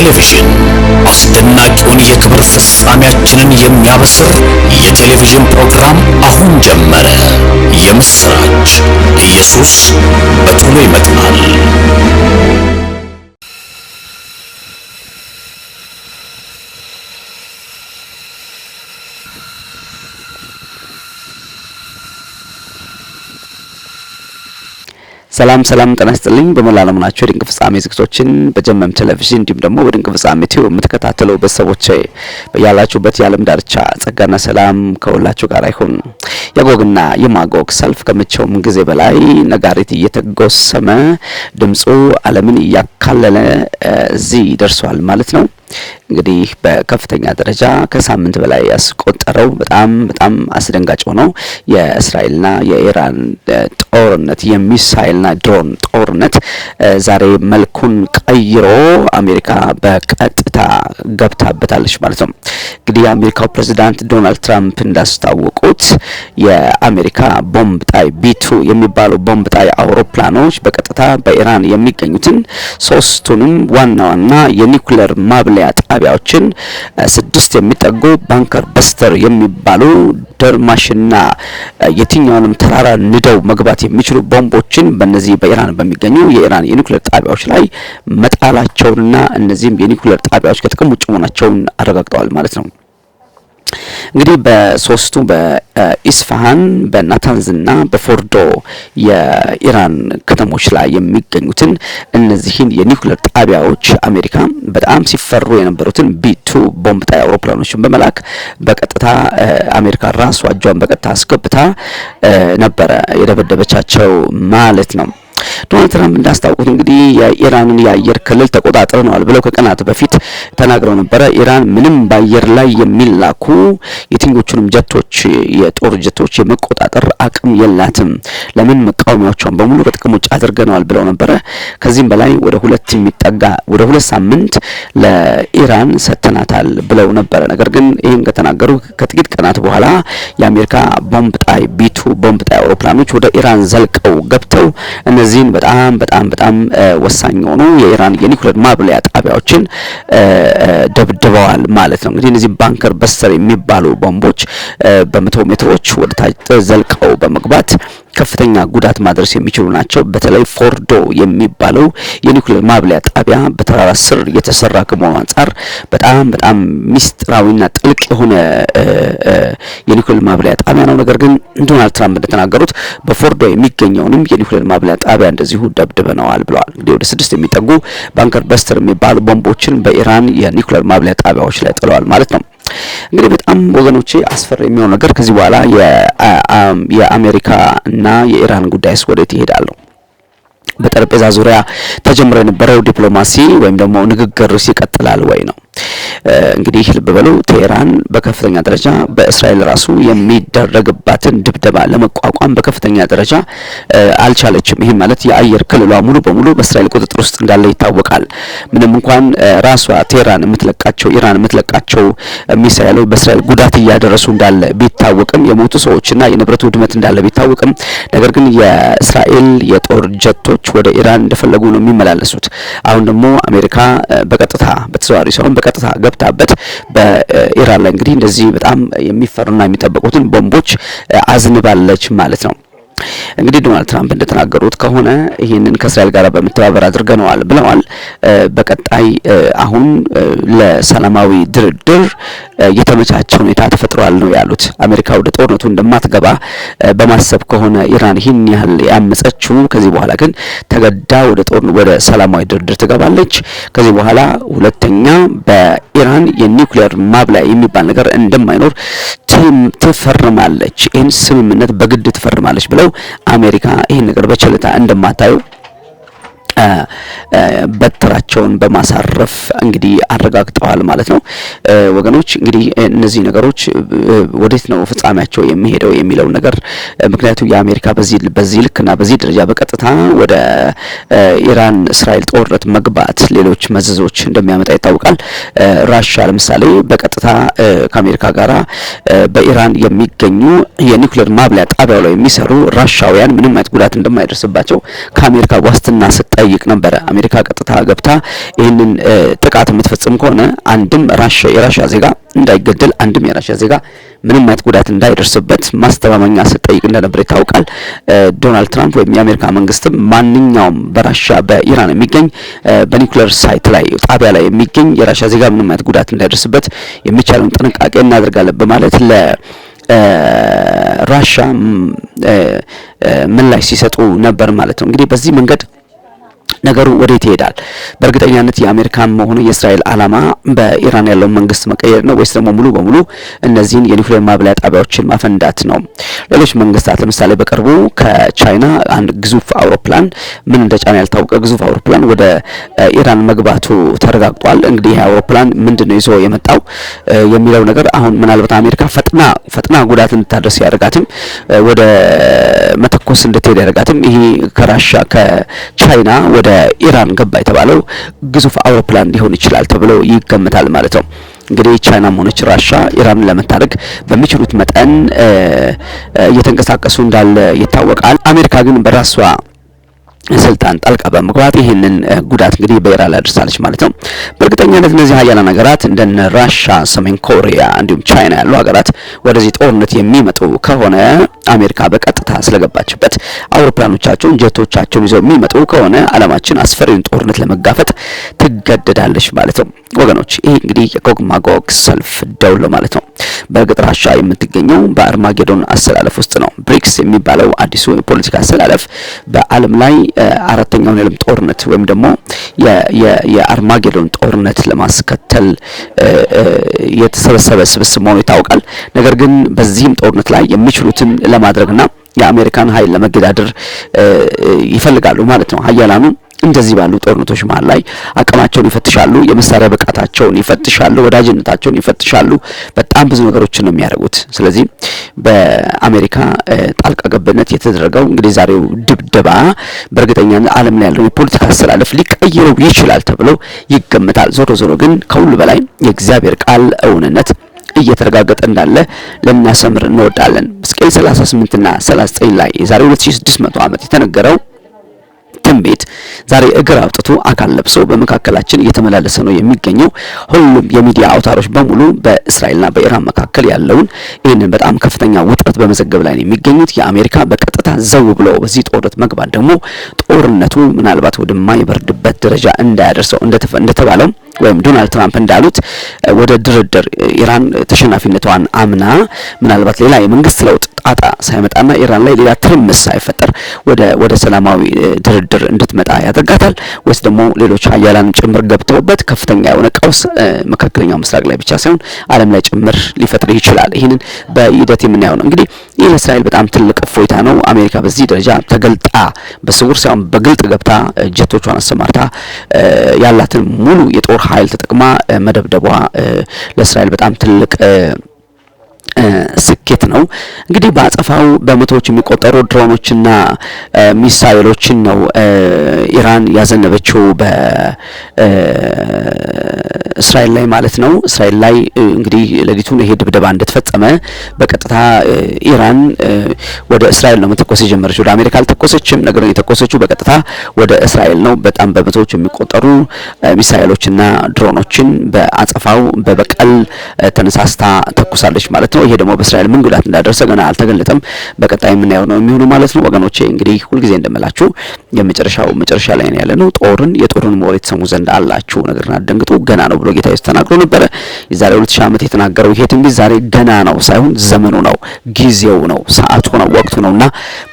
ቴሌቪዥን አስደናቂውን የክብር ፍጻሜያችንን የሚያበስር የቴሌቪዥን ፕሮግራም አሁን ጀመረ። የምስራች ኢየሱስ በቶሎ ይመጣል። ሰላም ሰላም ጤና ይስጥልኝ። በመላ ዓለም ናችሁ የድንቅ ፍጻሜ ዝግጅቶችን በጀመም ቴሌቪዥን እንዲሁም ደግሞ በድንቅ ፍጻሜ ቲዩብ የምትከታተሉ ቤተሰቦቼ በያላችሁበት የዓለም ዳርቻ ጸጋና ሰላም ከሁላችሁ ጋር ይሁን። የጎግና የማጎግ ሰልፍ ከመቼውም ጊዜ በላይ ነጋሪት እየተጎሰመ ድምፁ ዓለምን እያካለለ እዚህ ደርሷል ማለት ነው። እንግዲህ በከፍተኛ ደረጃ ከሳምንት በላይ ያስቆጠረው በጣም በጣም አስደንጋጭ ሆነው የእስራኤልና የኢራን ጦርነት የሚሳይልና ድሮን ጦርነት ዛሬ መልኩን ቀይሮ አሜሪካ በቀጥታ ገብታበታለች ማለት ነው። እንግዲህ የአሜሪካው ፕሬዚዳንት ዶናልድ ትራምፕ እንዳስታወቁት የአሜሪካ ቦምብ ጣይ ቢቱ የሚባሉ ቦምብ ጣይ አውሮፕላኖች በቀጥታ በኢራን የሚገኙትን ሶስቱንም ዋና ዋና የኒኩሌር ማብለያ ጣቢያዎችን ስድስት የሚጠጉ ባንከር በስተር የሚባሉ ደርማሽና የትኛውንም ተራራ ንደው መግባት የሚችሉ ቦምቦችን በነዚህ በኢራን በሚገኙ የኢራን የኒኩሌር ጣቢያዎች ላይ መጣላቸውንና እነዚህም የኒኩሌር ጣቢያዎች ከጥቅም ከጥቅም ውጭ መሆናቸውን አረጋግጠዋል ማለት ነው። እንግዲህ በሶስቱ በኢስፋሃን በናታንዝና በፎርዶ የኢራን ከተሞች ላይ የሚገኙትን እነዚህን የኒውክሌር ጣቢያዎች አሜሪካ በጣም ሲፈሩ የነበሩትን ቢቱ ቦምብ ጣይ አውሮፕላኖችን በመላክ በቀጥታ አሜሪካ ራሷ እጇን በቀጥታ አስገብታ ነበረ የደበደበቻቸው ማለት ነው። ዶናልድ ትራምፕ እንዳስታውቁት እንግዲህ የኢራንን የአየር ክልል ተቆጣጥረነዋል ብለው ከቀናት በፊት ተናግረው ነበረ። ኢራን ምንም በአየር ላይ የሚላኩ የትኞቹንም ጀቶች የጦር ጀቶች የመቆጣጠር አቅም የላትም። ለምን መቃወሚያቸውን በሙሉ ከጥቅም ውጭ አድርገነዋል ብለው ነበረ። ከዚህም በላይ ወደ ሁለት የሚጠጋ ወደ ሁለት ሳምንት ለኢራን ሰጥተናታል ብለው ነበረ። ነገር ግን ይህን ከተናገሩ ከጥቂት ቀናት በኋላ የአሜሪካ ቦምብ ጣይ ቢቱ ቦምብ ጣይ አውሮፕላኖች ወደ ኢራን ዘልቀው ገብተው እነዚህ እነዚህን በጣም በጣም በጣም ወሳኝ የሆኑ የኢራን የኒኩሌር ማብለያ ጣቢያዎችን ደብድበዋል ማለት ነው። እንግዲህ እነዚህ ባንከር በስተር የሚባሉ ቦምቦች በመቶ ሜትሮች ወደ ታች ዘልቀው በመግባት ከፍተኛ ጉዳት ማድረስ የሚችሉ ናቸው። በተለይ ፎርዶ የሚባለው የኒኩሌር ማብለያ ጣቢያ በተራራ ስር የተሰራ ከመሆኑ አንጻር በጣም በጣም ሚስጥራዊና ጥልቅ የሆነ የኒኩሌር ማብለያ ጣቢያ ነው። ነገር ግን ዶናልድ ትራምፕ እንደተናገሩት በፎርዶ የሚገኘውንም የኒኩሌር ማብለያ ጣቢያ እንደዚሁ ደብድበነዋል ብለዋል። እንግዲህ ወደ ስድስት የሚጠጉ ባንከር በስተር የሚባሉ ቦምቦችን በኢራን የኒኩሌር ማብለያ ጣቢያዎች ላይ ጥለዋል ማለት ነው። እንግዲህ በጣም ወገኖቼ አስፈሪ የሚሆን ነገር ከዚህ በኋላ የአሜሪካ እና የኢራን ጉዳይስ ወዴት ይሄዳሉ? በጠረጴዛ ዙሪያ ተጀምሮ የነበረው ዲፕሎማሲ ወይም ደግሞ ንግግር ይቀጥላል ወይ ነው። እንግዲህ ልብ በሉ ቴህራን በከፍተኛ ደረጃ በእስራኤል ራሱ የሚደረግባትን ድብደባ ለመቋቋም በከፍተኛ ደረጃ አልቻለችም። ይህ ማለት የአየር ክልሏ ሙሉ በሙሉ በእስራኤል ቁጥጥር ውስጥ እንዳለ ይታወቃል። ምንም እንኳን ራሷ ቴህራን የምትለቃቸው ኢራን የምትለቃቸው ሚሳኤሎች በእስራኤል ጉዳት እያደረሱ እንዳለ ቢታወቅም የሞቱ ሰዎችና የንብረት ውድመት እንዳለ ቢታወቅም ነገር ግን የእስራኤል የጦር ጀቶች ወደ ኢራን እንደፈለጉ ነው የሚመላለሱት። አሁን ደግሞ አሜሪካ በቀጥታ በተዘዋዋሪ ሳይሆን በቀጥታ ገብታበት በኢራን ላይ እንግዲህ እንደዚህ በጣም የሚፈሩና የሚጠበቁትን ቦምቦች አዝንባለች ማለት ነው። እንግዲህ ዶናልድ ትራምፕ እንደተናገሩት ከሆነ ይህንን ከእስራኤል ጋር በመተባበር አድርገነዋል ብለዋል። በቀጣይ አሁን ለሰላማዊ ድርድር የተመቻቸ ሁኔታ ተፈጥሯል ነው ያሉት። አሜሪካ ወደ ጦርነቱ እንደማትገባ በማሰብ ከሆነ ኢራን ይህን ያህል ያመፀችው፣ ከዚህ በኋላ ግን ተገዳ ወደ ጦር ወደ ሰላማዊ ድርድር ትገባለች። ከዚህ በኋላ ሁለተኛ በኢራን የኒውክሌር ማብላያ የሚባል ነገር እንደማይኖር ትፈርማለች፣ ይህን ስምምነት በግድ ትፈርማለች ብለው አሜሪካ ይህን ነገር በቸልታ እንደማታየው በትራቸውን በማሳረፍ እንግዲህ አረጋግጠዋል ማለት ነው። ወገኖች እንግዲህ እነዚህ ነገሮች ወዴት ነው ፍጻሜያቸው የሚሄደው የሚለው ነገር ምክንያቱም የአሜሪካ በዚህ በዚህ ልክና በዚህ ደረጃ በቀጥታ ወደ ኢራን እስራኤል ጦርነት መግባት ሌሎች መዘዞች እንደሚያመጣ ይታወቃል። ራሻ ለምሳሌ በቀጥታ ከአሜሪካ ጋር በኢራን የሚገኙ የኒውክሌር ማብለያ ጣቢያው ላይ የሚሰሩ ራሻውያን ምንም አይነት ጉዳት እንደማይደርስባቸው ከአሜሪካ ዋስትና ስጠይ ትጠይቅ ነበረ። አሜሪካ ቀጥታ ገብታ ይህንን ጥቃት የምትፈጽም ከሆነ አንድም የራሽያ ዜጋ እንዳይገደል፣ አንድም የራሽያ ዜጋ ምንም አይነት ጉዳት እንዳይደርስበት ማስተማመኛ ስጠይቅ እንደነበር ይታወቃል። ዶናልድ ትራምፕ ወይም የአሜሪካ መንግስትም ማንኛውም በራሽያ በኢራን የሚገኝ በኒኩሌር ሳይት ላይ ጣቢያ ላይ የሚገኝ የራሽያ ዜጋ ምንም አይነት ጉዳት እንዳይደርስበት የሚቻለውን ጥንቃቄ እናደርጋለን በማለት ለ ራሻ ምላሽ ሲሰጡ ነበር ማለት ነው። እንግዲህ በዚህ መንገድ ነገሩ ወዴት ይሄዳል? በእርግጠኛነት የአሜሪካም መሆኑ የእስራኤል ዓላማ በኢራን ያለውን መንግስት መቀየር ነው ወይስ ደግሞ ሙሉ በሙሉ እነዚህን የኒውክሌር ማብላያ ጣቢያዎችን ማፈንዳት ነው? ሌሎች መንግስታት ለምሳሌ በቅርቡ ከቻይና አንድ ግዙፍ አውሮፕላን ምን እንደጫነ ያልታወቀ ግዙፍ አውሮፕላን ወደ ኢራን መግባቱ ተረጋግጧል። እንግዲህ ይህ አውሮፕላን ምንድነው ይዞ የመጣው የሚለው ነገር አሁን ምናልባት አሜሪካ ፈጥና ፈጥና ጉዳት እንድታደርስ ያደርጋትም ወደ መተኮስ እንድትሄድ ያደርጋትም ይሄ ከራሻ ከቻይና ወደ በኢራን ገባ የተባለው ግዙፍ አውሮፕላን ሊሆን ይችላል ተብሎ ይገመታል ማለት ነው። እንግዲህ ቻይናም ሆነች ራሻ ኢራንን ለመታደግ በሚችሉት መጠን እየተንቀሳቀሱ እንዳለ ይታወቃል። አሜሪካ ግን በራሷ ስልጣን ጣልቃ በመግባት ይህንን ጉዳት እንግዲህ በኢራን ላይ አድርሳለች ማለት ነው። በእርግጠኛነት እነዚህ ሀያላን ሀገራት እንደነ ራሻ፣ ሰሜን ኮሪያ እንዲሁም ቻይና ያሉ ሀገራት ወደዚህ ጦርነት የሚመጡ ከሆነ አሜሪካ በቀጥታ ስለገባችበት አውሮፕላኖቻቸውን፣ ጀቶቻቸውን ይዘው የሚመጡ ከሆነ አለማችን አስፈሪውን ጦርነት ለመጋፈጥ ትገደዳለች ማለት ነው። ወገኖች ይሄ እንግዲህ የጎግ ማጎግ ሰልፍ ደውሎ ማለት ነው። በእርግጥ ራሻ የምትገኘው በአርማጌዶን አሰላለፍ ውስጥ ነው። ብሪክስ የሚባለው አዲሱ የፖለቲካ አሰላለፍ በዓለም ላይ አራተኛውን የዓለም ጦርነት ወይም ደግሞ የአርማጌዶን ጦርነት ለማስከተል የተሰበሰበ ስብስብ መሆኑ ይታወቃል። ነገር ግን በዚህም ጦርነት ላይ የሚችሉትን ለማድረግና የአሜሪካን ኃይል ለመገዳደር ይፈልጋሉ ማለት ነው ሀያላኑ እንደዚህ ባሉ ጦርነቶች መሀል ላይ አቅማቸውን ይፈትሻሉ፣ የመሳሪያ ብቃታቸውን ይፈትሻሉ፣ ወዳጅነታቸውን ይፈትሻሉ። በጣም ብዙ ነገሮችን ነው የሚያደርጉት። ስለዚህ በአሜሪካ ጣልቃ ገብነት የተደረገው እንግዲህ ዛሬው ድብደባ በእርግጠኛ ዓለም ላይ ያለው የፖለቲካ አስተላለፍ ሊቀይረው ይችላል ተብሎ ይገመታል። ዞሮ ዞሮ ግን ከሁሉ በላይ የእግዚአብሔር ቃል እውንነት እየተረጋገጠ እንዳለ ልናሰምር እንወዳለን። ሕዝቅኤል 38 እና 39 ላይ የዛሬ 2600 ዓመት የተነገረው ስሜት ዛሬ እግር አውጥቶ አካል ለብሶ በመካከላችን እየተመላለሰ ነው የሚገኘው። ሁሉም የሚዲያ አውታሮች በሙሉ በእስራኤልና በኢራን መካከል ያለውን ይህንን በጣም ከፍተኛ ውጥረት በመዘገብ ላይ ነው የሚገኙት። የአሜሪካ በቀጥታ ዘው ብሎ በዚህ ጦርነት መግባት ደግሞ ጦርነቱ ምናልባት ወደማይበርድበት ደረጃ እንዳያደርሰው እንደተባለው ወይም ዶናልድ ትራምፕ እንዳሉት ወደ ድርድር ኢራን ተሸናፊነቷን አምና ምናልባት ሌላ የመንግስት ለውጥ ጣጣ ሳይመጣና ኢራን ላይ ሌላ ትርምስ ሳይፈጠር ወደ ወደ ሰላማዊ ድርድር እንድትመጣ ያደርጋታል ወይስ ደግሞ ሌሎች ሀያላንም ጭምር ገብተውበት ከፍተኛ የሆነ ቀውስ መካከለኛው ምስራቅ ላይ ብቻ ሳይሆን ዓለም ላይ ጭምር ሊፈጥር ይችላል። ይህንን በሂደት የምናየው ነው። እንግዲህ ይህ ለእስራኤል በጣም ትልቅ እፎይታ ነው። አሜሪካ በዚህ ደረጃ ተገልጣ በስውር ሳይሆን በግልጥ ገብታ ጀቶቿን አሰማርታ ያላትን ሙሉ የጦር ኃይል ተጠቅማ መደብደቧ ለእስራኤል በጣም ትልቅ ስኬት ነው። እንግዲህ በአጸፋው በመቶዎች የሚቆጠሩ ድሮኖችና ሚሳኤሎችን ነው ኢራን ያዘነበችው በእስራኤል ላይ ማለት ነው። እስራኤል ላይ እንግዲህ ሌሊቱን ይሄ ድብደባ እንደተፈጸመ በቀጥታ ኢራን ወደ እስራኤል ነው መተኮስ የጀመረችው። ወደ አሜሪካ አልተኮሰችም፣ ነገር የተኮሰችው በቀጥታ ወደ እስራኤል ነው። በጣም በመቶዎች የሚቆጠሩ ሚሳኤሎችና ድሮኖችን በአጸፋው በበቀል ተነሳስታ ተኩሳለች ማለት ነው። ነው። ይሄ ደግሞ በእስራኤል ምን ጉዳት እንዳደረሰ ገና አልተገለጠም። በቀጣይ የምናየው ነው የሚሆነው ማለት ነው ወገኖቼ። እንግዲህ ሁልጊዜ እንደምላችሁ የመጨረሻው መጨረሻ ላይ ነው ያለ ነው። ጦርን የጦርን ወሬ ትሰሙ ዘንድ አላችሁ ነገርና አደንግጡ ገና ነው ብሎ ጌታ ኢየሱስ ተናግሮ ነበረ። የዛሬ ሁለት ሺህ ዓመት የተናገረው ይሄ ትንቢት ዛሬ ገና ነው ሳይሆን ዘመኑ ነው ጊዜው ነው ሰዓቱ ነው ወቅቱ ነውና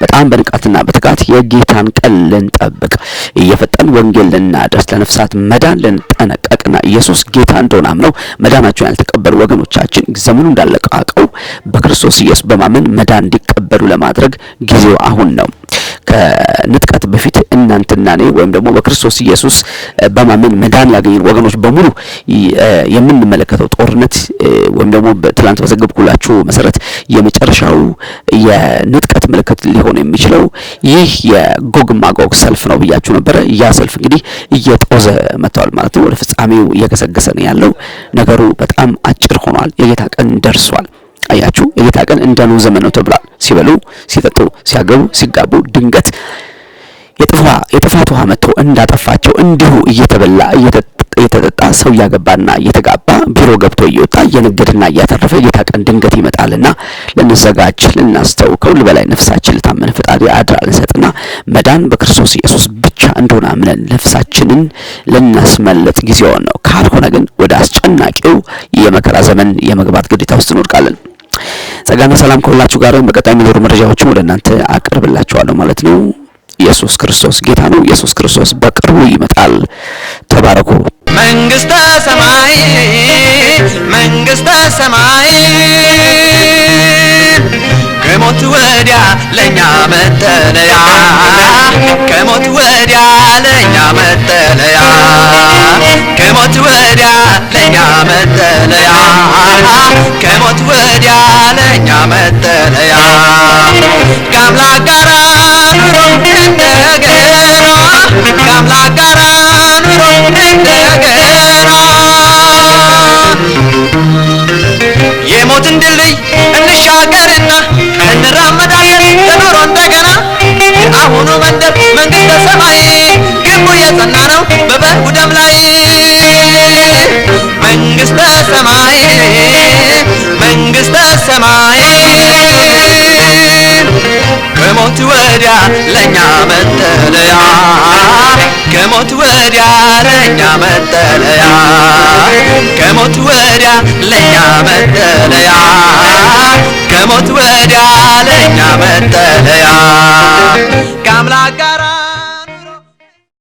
በጣም በንቃትና በትጋት የጌታን ቀን ልንጠብቅ እየፈጠን ወንጌል ልናደርስ ለነፍሳት መዳን ልንጠነቀቅና ኢየሱስ ጌታ እንደሆነ አምነው መዳናቸውን ያልተቀበሉ ወገኖቻችን ዘመኑ እንዳለቀቀው በክርስቶስ ኢየሱስ በማመን መዳን እንዲቀበሉ ለማድረግ ጊዜው አሁን ነው። ከንጥቀት በፊት እናንተና እኔ ወይም ደግሞ በክርስቶስ ኢየሱስ በማመን መዳን ያገኘን ወገኖች በሙሉ የምንመለከተው ጦርነት ወይም ደግሞ ትላንት በዘገብኩላችሁ መሰረት የመጨረሻው የንጥቀት ምልክት ሊሆን የሚችለው ይህ የጎግ ማጎግ ሰልፍ ነው ብያችሁ ነበረ። ያ ሰልፍ እንግዲህ እየጦዘ መጥቷል ማለት ነው። ወደ ፍጻሜው እየገሰገሰ ነው ያለው። ነገሩ በጣም አጭር ሆኗል። የጌታ ቀን ደርሷል። አያችሁ የጌታ ቀን እንደ ኖህ ዘመን ነው ተብሏል። ሲበሉ፣ ሲጠጡ፣ ሲያገቡ፣ ሲጋቡ ድንገት የጥፋት ውሃ መጥቶ እንዳጠፋቸው እንዲሁ እየተበላ እየተጠጣ ሰው እያገባና እየተጋባ ቢሮ ገብቶ እየወጣ እየነገድና እያተረፈ ጌታ ቀን ድንገት ይመጣልና ልንዘጋጅ ልናስተው ከሁሉ በላይ ነፍሳችን ልታመን ፈጣሪ አድራ ልንሰጥና መዳን በክርስቶስ ኢየሱስ ብቻ እንደሆነ አምነን ነፍሳችንን ልናስመለጥ ጊዜውን ነው። ካልሆነ ግን ወደ አስጨናቂው የመከራ ዘመን የመግባት ግዴታ ውስጥ እንወድቃለን። ጸጋና ሰላም ከሁላችሁ ጋር በቀጣይ የሚኖሩ መረጃዎችን ወደ እናንተ አቀርብላችኋለሁ ማለት ነው። ኢየሱስ ክርስቶስ ጌታ ነው። ኢየሱስ ክርስቶስ በቅርቡ ይመጣል። ተባረኩ። መንግስተ ሰማይ መንግስተ ሰማይ ከሞት ወዲያ ለኛ መጠለያ ከሞት ወዲያ ለኛ መጠለያ ከሞት ወዲያ ለኛ መጠለያ ከሞት ወዲያ ለእኛ መጠለያ ከአምላክ ጋራ ኑሮ እንደገና ከአምላክ ጋራ ኑሮ እንደገና የሞትን ድልድይ እንሻገርና እንራመዳለን ለኑሮ እንደገና የአሁኑ መንደር መንግሥተ ሰማይ ግንቡ የጸና ነው በበጉ ደም ላይ መንግሥተ ሰማይ ሰማይን ከሞት ወዲያ ለእኛ መጠለያ ከሞት ወዲያ ለእኛ መጠለያ ከሞት ወዲያ ለእኛ መጠለያ ከሞት ወዲያ ለእኛ መጠለያ ከአምላክ